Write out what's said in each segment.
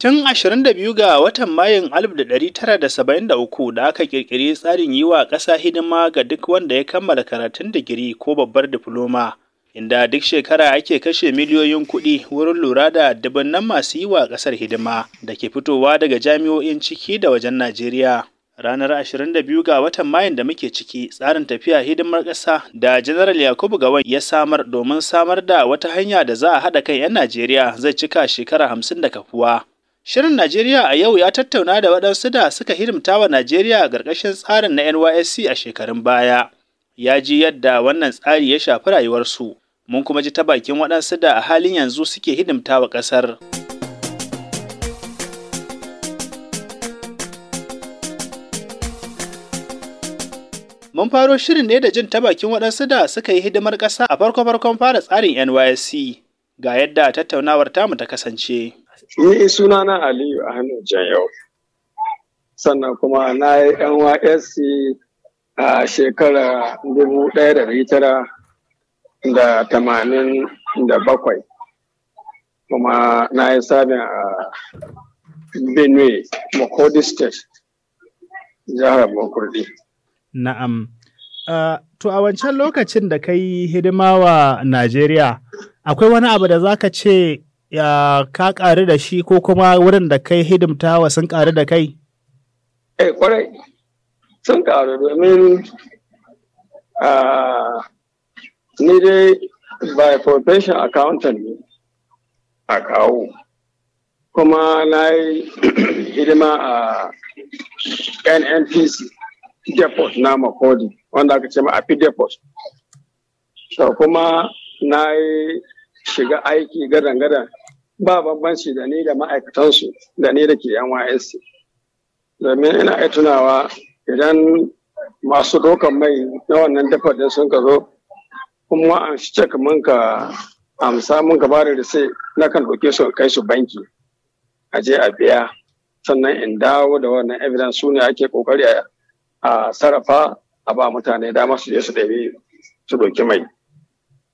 Tun 22 ga watan Mayun 1973 da aka kirkiri tsarin yi wa ƙasa hidima ga duk wanda ya kammala karatun digiri ko babbar difloma, inda duk shekara ake kashe miliyoyin kuɗi wurin lura da dubunnan masu yi wa ƙasar hidima da ke fitowa daga jami'o'in ciki da wajen Najeriya. Ranar 22 ga watan Mayun da muke ciki, tsarin tafiya hidimar ƙasa da General Yakubu Gawan ya samar domin samar da wata hanya da za a haɗa kan 'yan Najeriya zai cika shekara 50 da kafuwa. Shirin Najeriya a yau ya tattauna da waɗansu da suka hidimta wa Najeriya a ƙarƙashin tsarin na NYSC a shekarun baya. Ya ji yadda wannan tsari ya shafi rayuwarsu, mun kuma ji ta bakin waɗansu da a halin yanzu suke hidimta wa ƙasar. Mun faro shirin ne da jin ta bakin waɗansu da suka yi hidimar ƙasa a farko-farkon fara tsarin NYSC. Ga yadda tattaunawar tamu ta kasance. Ni na Aliyu a hannun jan yau. Sannan kuma na yi NYSC a shekara dubu ɗaya da da Kuma na yi sabin a Benue, Makodi State, jihar Makurdi. Na'am. to a wancan lokacin da ka yi hidima wa Najeriya, akwai wani abu da za ka ce ya ka ƙaru da shi ko kuma wurin da kai hidimtawa sun ƙaru da kai? Eh, kwarai sun ƙaru domin ni dai by profession accountant ne a kawo kuma na yi hidima a nnpc depot na makodi wanda aka ce ma api depot so kuma na yi shiga aiki gadan-gadan ba bambanci da ni da ma'aikatansu da ni da ke NYSC. Domin ina ai tunawa idan masu dokan mai na wannan dafa da sun ka zo, kuma an shi cek mun ka amsa mun ka bada da sai na kan ɗauke su kai su banki a je a biya sannan in dawo da wannan evidence su ne ake kokari a sarrafa a ba mutane dama su je su ɗabi su ɗauki mai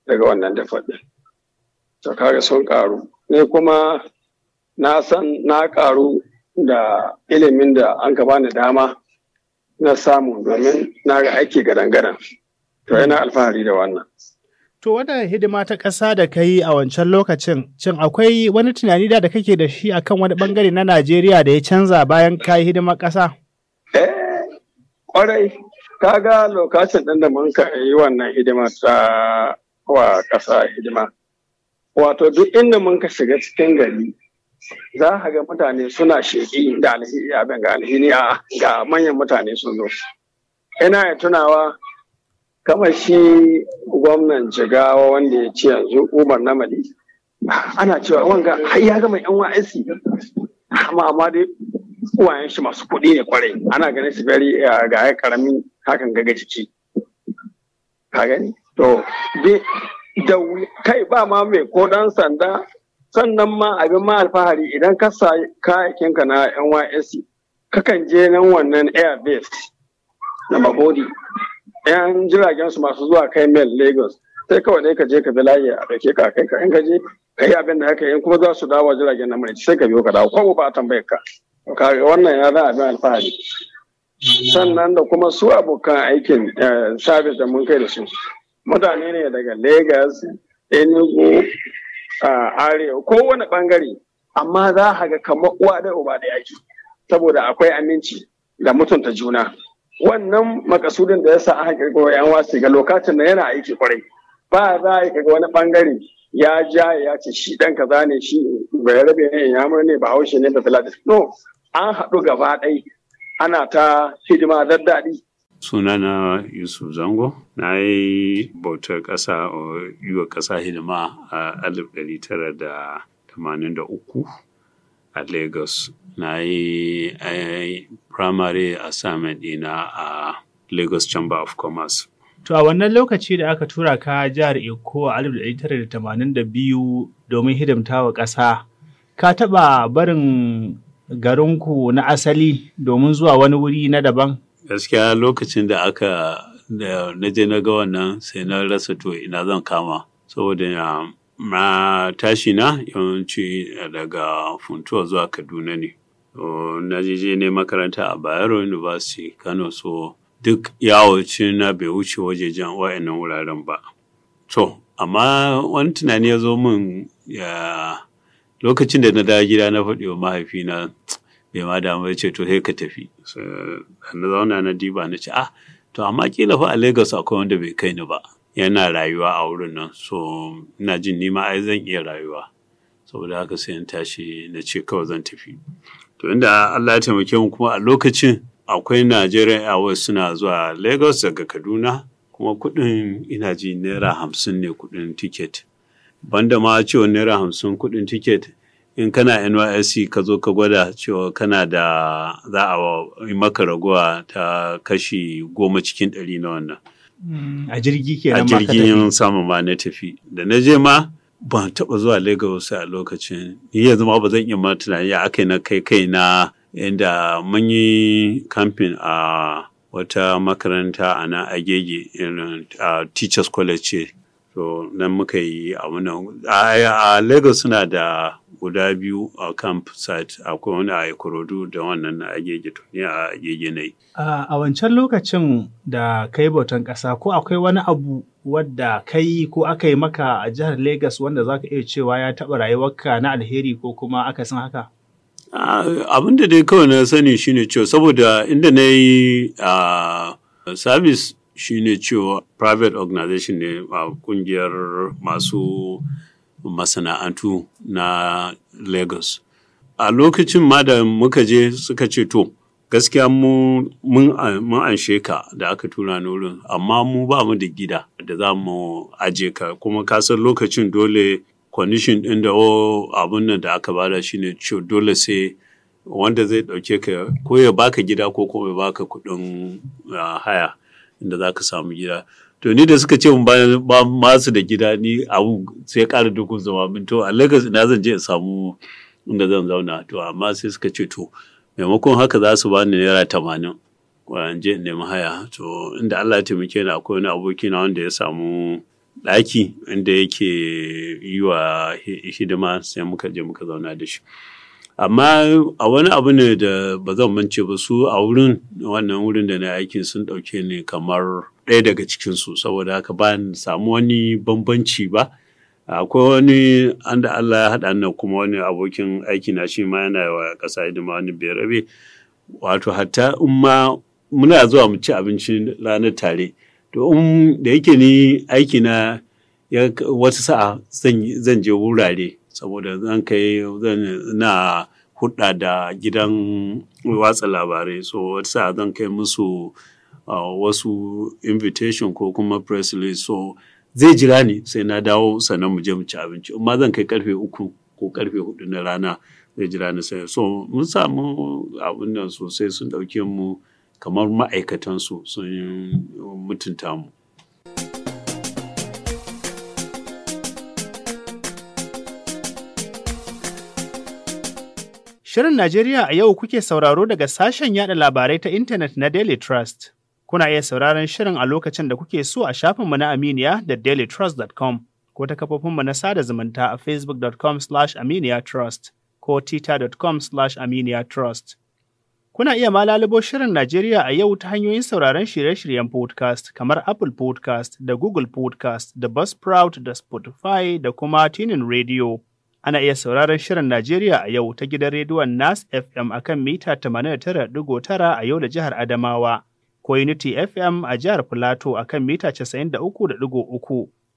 daga wannan dafa ɗin. to kaga sun karu ne kuma na san na karu da ilimin da an ka bani dama na samu domin na ga aiki gadan-gadan to yana alfahari da wannan To wata hidima ta ƙasa da ka a wancan lokacin, cin akwai wani tunani da da kake da shi akan wani bangare na Najeriya da ya canza bayan ka yi hidimar ƙasa? Eh, ka ga lokacin ɗin da mun yi wannan hidima ta wa ƙasa hidima. wato duk inda mun ka shiga cikin gari za a ga mutane suna sheƙi da alhini abin ga alhini ga manyan mutane sun zo ina ya tunawa kamar shi gwamnan jigawa wanda ya ce yanzu umar Namadi. ana cewa wanga har ya gama yan ysc amma amma dai uwayen shi masu kuɗi ne kwarai ana ganin su bari eh, ga ya karami hakan gaga jiki ka gani to da kai ba ma mai ko dan sanda sannan ma abin ma alfahari idan ka sa kayakinka na NYSC kakan je nan wannan airbase na Mabodi yan jiragen su masu zuwa kai mail Lagos sai kawai ne ka je ka bi layi a dauke ka kai ka in ka je ka yi abin da haka in kuma za su dawo jiragen na mai sai ka biyo ka dawo ko ba a tambayar ka kaga wannan ya da abin alfahari mm. sannan da kuma su abokan aikin eh, sabis da mun kai da su mutane ne daga Legas, Enugu, Arewa, kowane bangare. amma za a ga kamar uwa da uba da yaki, saboda akwai aminci da mutunta juna. Wannan makasudin da ya sa aka kirkiro 'yan wasu ga lokacin da yana aiki kwarai. Ba za a ga wani bangare. ya ja ya ce shi ɗan kaza ne shi bai rabe ne ya ne ba haushe ne da talatin. No, an haɗu gaba ɗai ana ta hidima daɗi sunana yusuf zango na yi bautar ƙasa yi wa ƙasa hidima a 1983 a lagos na yi eh, primary assignment ɗina a lagos chamber of commerce To a wannan lokaci da aka tura ka jihar Eko a 1982 domin hidimta wa ƙasa, ka taɓa barin garinku na asali domin zuwa wani wuri na daban? Gaskiya lokacin da aka na je na ga wannan sai na rasa to ina zan kama saboda um, ma tashi na yawanci daga funtuwa zuwa kaduna ne. Na je ne makaranta a Bayero University Kano so duk yawacin na bai wuce wajejen wa'annan wuraren ba. To, amma wani tunani ya zo min ya lokacin da na dawo gida na faɗi wa mahaifina bai ma damu ya ce to sai ka tafi na zauna na diba na ce ah to amma kila fa a Lagos akwai wanda bai kai ni ba yana rayuwa a wurin nan so ina jin ni ma ai zan iya rayuwa saboda haka sai in tashi na ce kawai zan tafi to inda Allah ya taimake mu kuma a lokacin akwai Najeriya Airways suna zuwa Lagos daga Kaduna kuma kuɗin ina ji naira hamsin ne kuɗin tiket banda ma cewa naira hamsin kuɗin tiket in kana NYSC ka zo ka gwada cewa kana da za a yi maka raguwa ta kashi goma cikin ɗari na wannan. Mm, a jirgi ke A jirgin samun ma na tafi. Da na je ma ban taɓa zuwa Lagos a lokacin. Ni yanzu ma ba zan iya ma tunani ya aka na kai kai na inda mun yi kamfin a wata makaranta a na agege a teachers college ce to nan muka yi a wannan a lagos suna da guda biyu a camp site akwai wani a ikorodu da wannan na agege to ne a agege ne a wancan lokacin da kai bautan ƙasa ko akwai wani abu wadda kai ko aka yi maka a jihar lagos wanda zaka iya cewa ya taɓa rayuwarka na alheri ko kuma aka san haka abin da dai kawai na sani shine cewa saboda inda na yi sabis shi ne cewa private organization ne a kungiyar masu masana'antu na Lagos. A lokacin ma da muka je suka ce to, gaskiya mun an sheka da aka tura ni amma mu ba mu da gida da za mu aje ka, kuma kasan lokacin dole condition ɗin da abun nan da aka bada shi ne cewa dole sai wanda zai ɗauke ka ko ya baka gida ko kuma ya baka kuɗin ah, haya. inda za ka samu gida to ni da suka ce ba masu da gida ni abu sai ƙara dukun zama min to a Lagos ina zan je in samu inda zan zauna to amma sai suka ce to maimakon haka za su bani naira tamanin wajen je in nemi haya to inda Allah ya taimake ni akwai wani aboki na wanda ya samu ɗaki inda yake yi wa hidima sai muka je muka zauna da shi. amma a wani abu ne da ba zan mance ba su a wurin wannan wurin da na aikin sun ɗauke ni kamar ɗaya daga cikinsu saboda haka ba samu wani bambanci ba akwai wani an da Allah ya haɗa nan kuma wani abokin aiki na shi ma yana wa ƙasa hidima wani berabe wato hatta in ma muna zuwa mu ci abinci ranar tare to in da yake ni aiki na wata sa'a zan je wurare saboda zan kai zan na hudda da gidan watsa labarai so wata zan kai musu wasu invitation ko kuma press so zai jira ni sai na dawo sannan mu je mu ci abinci amma zan kai karfe uku ko karfe hudu na rana zai jira ni sai so mun samu abin nan sosai sun dauke mu kamar ma'aikatansu sun mutunta mu Shirin Najeriya a yau kuke sauraro daga sashen yada labarai ta intanet na Daily Trust. Kuna iya sauraron shirin a lokacin da kuke so a shafinmu na Aminiya da dailytrust.com ko ta kafofinmu na sada zumunta a facebook.com aminiyatrust ko twitter.com aminiyatrust. Kuna iya ma lalubo shirin Najeriya a yau ta hanyoyin sauraron shirye-shiryen podcast kamar Apple podcast da Google podcast da Buzzsprout da Spotify da kuma Tunin Radio. Ana iya sauraron Shirin Najeriya a yau ta gidan rediyon Nas FM a kan mita 89.9 a yau da jihar Adamawa, ko Unity FM a jihar Filato a kan mita 93.3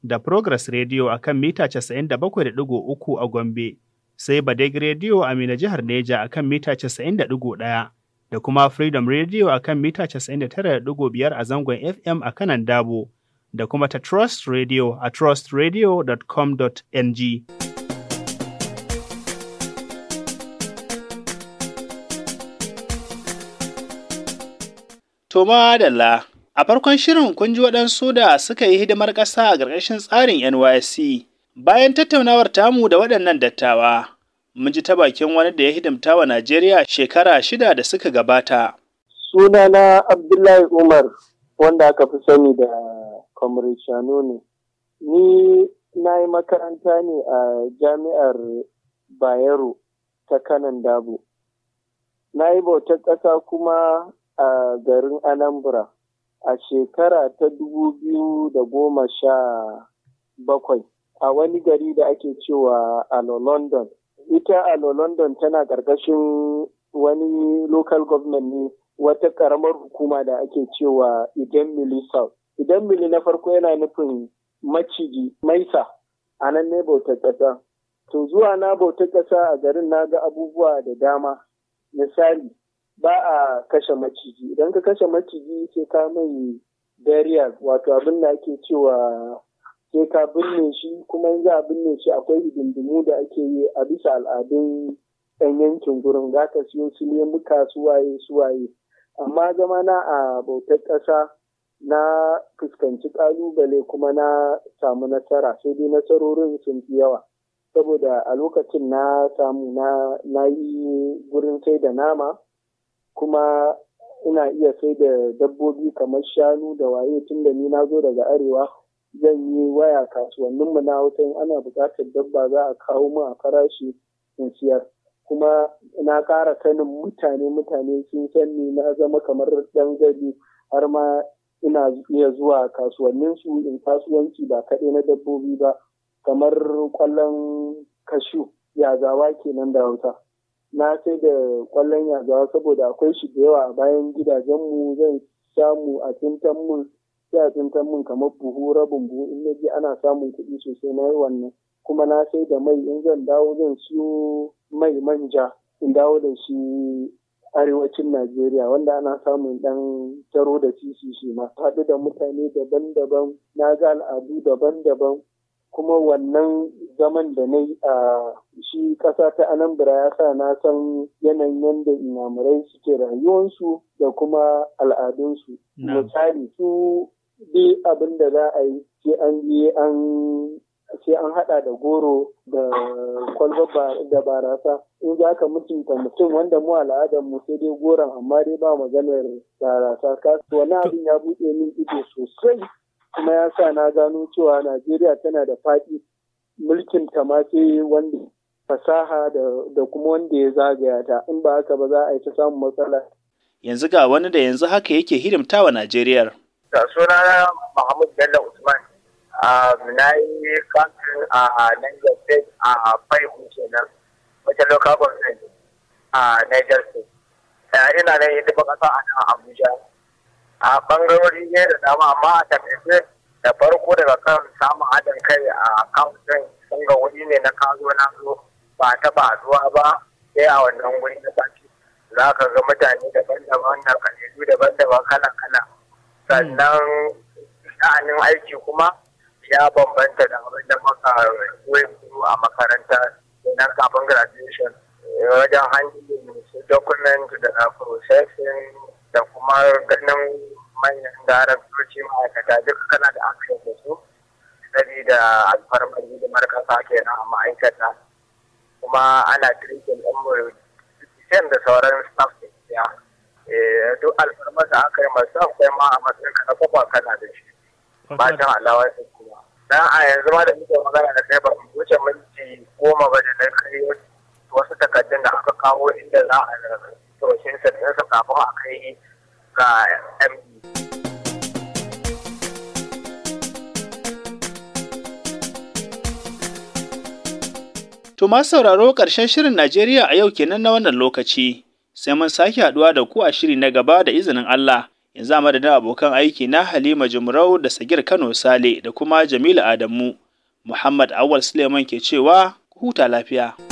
da Progress Radio a kan mita 97.3 a Gombe, sai Badeg Radio a Mina jihar Neja a kan mita 91. da kuma Freedom Radio a kan mita 99.5 a zangon FM a kanan Dabo, da kuma ta Trust Radio a trustradio.com.ng. To madalla, a farkon shirin kun ji waɗansu da suka yi hidimar ƙasa a ƙarƙashin tsarin NYSC. Bayan tattaunawar tamu da waɗannan dattawa, mun ji ta bakin wani da ya hidimta wa Najeriya shekara shida da suka gabata. Sunana Abdullahi Umar, wanda aka fi sani da kwamrishanu ne. Ni na yi makaranta ne a jami'ar Bayero ta kanan dabo. Na yi bautar ƙasa kuma a garin Anambra a shekara ta dubu biyu da goma sha bakwai a wani gari da ake cewa Alo London. Ita Alo London tana ƙarƙashin wani local government ne wata ƙaramar hukuma da ake cewa Idan Mili South. Idan Mili na farko yana nufin maciji maisa a nan ne bautar ƙasa. To zuwa na bautar ƙasa a garin na ga abubuwa da dama. Misali, kashe maciji idan ka kashe maciji sai ka mai barrier wato abin da ake cewa sai ka binne shi kuma in za a binne shi akwai hidindimu da ake yi a bisa al'adun yan yankin gurin za ka siyo su lemuka suwaye suwaye amma zama na a bautar ƙasa na fuskanci ƙalubale kuma na samu nasara sai dai nasarorin sun fi yawa saboda a lokacin na samu na yi gurin sai da nama kuma ina iya sai da dabbobi kamar shanu da waye tun da ni na zo daga arewa zan yi waya mu na hausa in ana buƙatar dabba za a kawo mu a farashi in siyar kuma na ƙara sanin mutane mutane sun san ni na zama kamar ɗan gari har ma ina iya zuwa kasuwannin su in kasuwanci ba kaɗai na dabbobi ba kamar kwallon kashu yazawa kenan da hausa na sai da kwallon yazawa saboda akwai shi da yawa a bayan gidajenmu zan samu a tsintan mun sai a kamar buhu rabin buhu in na je ana samun kuɗi sosai na yi wannan kuma na sai da mai in zan dawo zan siyo mai manja in dawo da shi arewacin Najeriya wanda ana samun dan taro da sisi shi ma haɗu da mutane daban-daban na ga al'adu daban-daban kuma wannan zaman da na yi a shi ƙasa ta anambra ya sa na san yanayin yadda inyamurai suke rayuwarsu da kuma al'adunsu misali su bi abin da za a yi sai an yi an sai an hada da goro da kwalba da barasa in za ka mutunta mutum wanda mu al'adar mu sai dai goron amma dai ba maganar barasa ka wani abin ya buɗe min ido sosai kuma ya sa na gano cewa najeriya tana da faɗi mulkin ta ma sai wanda fasaha da kuma wanda ya zagaya ta in ba haka ba za a yi ta samun matsala. Yanzu ga wani da yanzu haka yake hidimta wa Najeriya. Da suna Mahmud Bello Usman na yi kantin a Niger State a Faihun kenan wata local government a Niger State. Ina nan yi duba kasa a Abuja. A ɓangarori ne da dama amma a tafiye da farko daga kan samun haɗin kai a kamfin sun ga wuri ne na kazo na zo ba taɓa zuwa ba sai a wannan wuri na sati za ka ga mutane daban-daban na kabilu daban-daban kala-kala sannan sha'anin aiki kuma ya bambanta da abin da maka koyo a makaranta nan kafin graduation wajen su document da processing da kuma ganin manyan daraktoci ma'aikata duka kana da access da su sabida alfarmar hidimar kasa kenan a ma'aikata kuma ana treating ɗan mu da sauran staff din ya eh, duk alfarmar da aka yi masu akwai ma a matsayin kana kwakwa kana da shi ba ta alawar kuma dan a yanzu ma da muke magana da kai ba mu wuce minti goma ba da nan kai wasu takardun da aka kawo inda za a rarrabe to shi sai kafin a kai ga MD To masu sauraro ƙarshen shirin Najeriya a yau kenan na wannan lokaci. Sai mun sake haɗuwa da ku a shiri na gaba da izinin Allah. Yanzu a madadin abokan aiki na Halima Jumrau da Sagir Kano Sale da kuma Jamilu Adamu. Muhammad Awal Suleiman ke cewa huta lafiya.